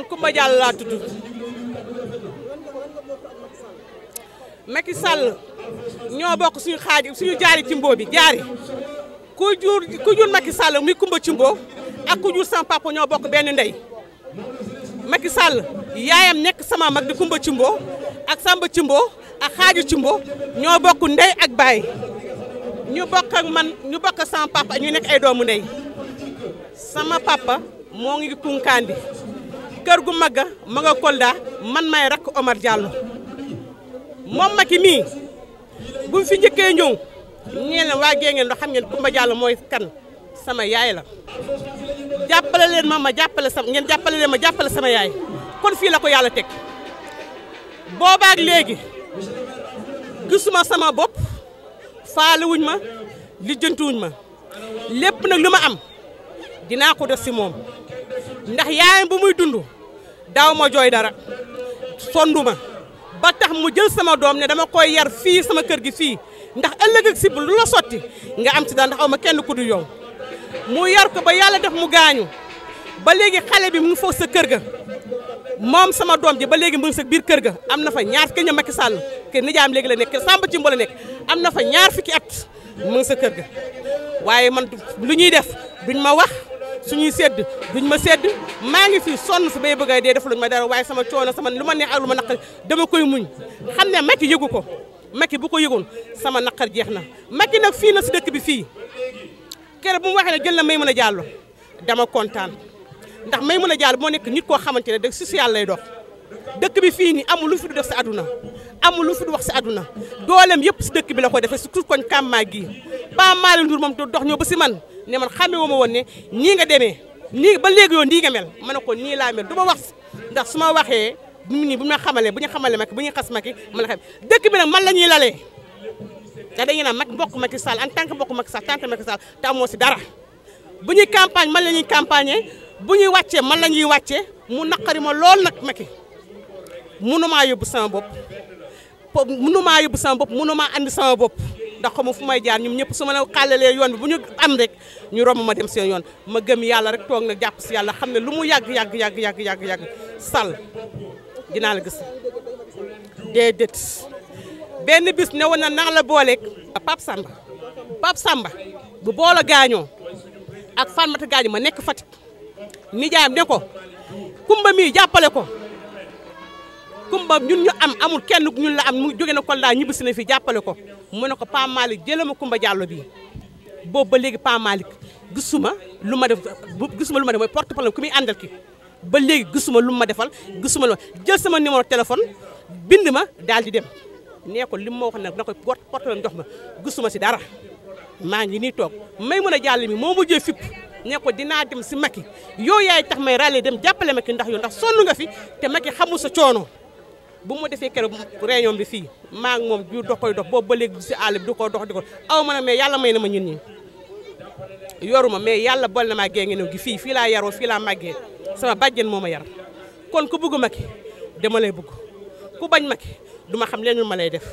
man Coumba ñoo bokk suñu xaaj suñu jaari cimboo bi jaari ku jur ku mi kumba Sall muy Coumba Cimbo ak ku sama papa ñoo bokk benn ndey Macky Sall yaayam nekk sama mag di Coumba Cimbo ak Samba Cimbo ak xaaju Cimbo ñoo bokk ndey ak baay ñu bokk ak man ñu bokk sama papa ñu nekk ay doomu ndey sama papa moo ngi kunkaan kër gu mag ma nga Kolda man may rakk Omar Diallo moom Macky mii bu mu fi njëkkee ñëw ñee leen waa gee ngeen doo xam ngeen Kumba Diallo mooy kan sama yaay la jàppale leen ma ma jàppale sama ngeen jàppale leen ma jàppale sama yaay kon fii la ko yàlla teg boobaak léegi gisuma sama bopp faaluwuñ ma lijjantiwuñ ma lépp nag lu ma am dinaa ko def si moom ndax yaay bu muy dund daaw ma jooy dara sonduma ba tax mu jël sama doom ne dama koy yar fii sama kër gi fii ndax ëllëg ak sib lu la sotti nga am si daal ndax aw ma kenn ku du yow mu yar ko ba yàlla def mu gaañu ba léegi xale bi mu ngi foog sa kër ga moom sama doom ji ba léegi mu sa biir kër ga am na fa ñaar fukki ña Macky Sall kër nijaam léegi la nekk Samba ci mbola nekk am na fa ñaar fukki at mu ngi sa kër ga waaye man lu ñuy def duñ ma wax suñuy sedd duñ ma sedd maa ngi fi sonn si bay bëgg a dee defaluñ ma dara waaye sama coono sama lu ma neex ak lu ma naqari dama koy muñ xam ne Macky yëgu ko Macky bu ko yëgoon sama naqar jeex na Macky nag fii na si dëkk bi fii keroog bu mu waxee ne jël na may mën a jàllo dama kontaan ndax may mën a jàll moo nekk nit koo xamante ne dëkk social lay dox dëkk bi fii nii amul lu fi du def si àdduna amul lu fi du wax si àdduna dooleem yëpp si dëkk bi la ko defee su koñ kàmmaa gii Pa Malick Ndour moom dox ñëw ba si man ne man xamee wu ma woon ne nii nga demee nii ba léegi yoon nii nga mel ma ne ko nii laa mel du ma wax ndax su ma waxee nit ñi bu ma xamalee bu ñu xamale Macky bu ñu xas Macky ma la xam dëkk bi nag man la ñuy lalee te dañuy naan Macky mbokk Macky Sall en tant que mbokk Macky Sall tant que Macky Sall si dara bu ñu campagne man la ñuy campagner bu ñu wàccee man la ñuy wàccee mu naqari ma lool nag Macky mënumaa yóbbu sama bopp mënumaa yóbbu sama bopp mënumaa andi sama bopp ndax xamu fu may jaar ñoom ñëpp su ma la xàllalee yoon bi bu ñu am rek ñu romb ma dem seen yoon ma gëm yàlla rek toog na jàpp si yàlla xam ne lu mu yàgg yàgg yàgg yàgg yàgg yàgg sàll la gis déedéet benn bis ne woon na naa la booleeg Pape Samba Pape Samba bu boole gaañoo ak Fatmata gaañu ma nekk Fatick nijaayam ne ko kumba mii jàppale ko kumba ñun ñu am amul kenn ñun la am mu jóge na Kolda ñibbisi na fi jàppale ko mu ne ko Pa Malick jëlee ma kumba Diallo bii boobu ba léegi Pa Malick gisuma lu ma def gisuma lu ma def mooy porte problème ku muy àndal ki ba léegi gisuma lu ma defal gisuma lu jël sama numéro téléphone bind ma daal di dem nee ko li ma wax nag na ko porte problème jox ma gisuma si dara maa ngi nii toog may mën a jàll mi moo mujjee fipp ne ko dinaa dem si Macky yow yaay tax may ràllee dem jàppale Macky ndax yow ndax sonn nga fi te Macky xamul sa coono. bu ma defee keroog réunion bi fii maa ngi moom jur dox dox boobu ba léegi si àll bi du ko dox di ko aw ma ne mais yàlla may na ma ñun ñi yoruma mais yàlla bol na maa gee ngenew gi fii fii laa yaroo fii laa màggee sama bàjjen moo ma yar kon ku bëgg Macky dama lay bëgg ku bañ du ma xam leen ma lay def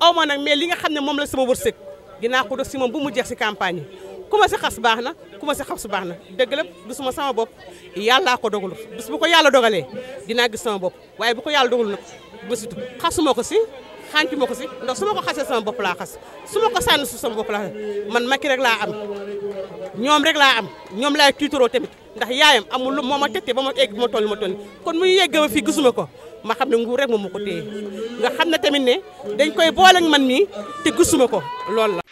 aw ma nag mais li nga xam ne moom la sama wërsëg dinaa ko dox si moom bu mu jeex si campagne yi ku ma si xas baax na ku ma si xas baax na dëgg la gisuma sama bopp yàllaa ko dogalu bis bu ko yàlla dogalee dinaa gis sama bopp waaye bu ko yàlla dogalu nag bisitu xasuma ko si xànc ma ko si ndax su ma ko xasee sama bopp laa xas su ma ko sànni su sama bopp laa man makki rek laa am ñoom rek laa am ñoom laay tuutaroo tamit ndax yaayam amul lu moo ma tette ba ma egg ma toll ma toll kon mu ñu yeggee ba fii gisuma ko ma xam ne nguur rek moom ma ko téye nga xam ne tamit ne dañ koy man mii te gisuma ko loolu la.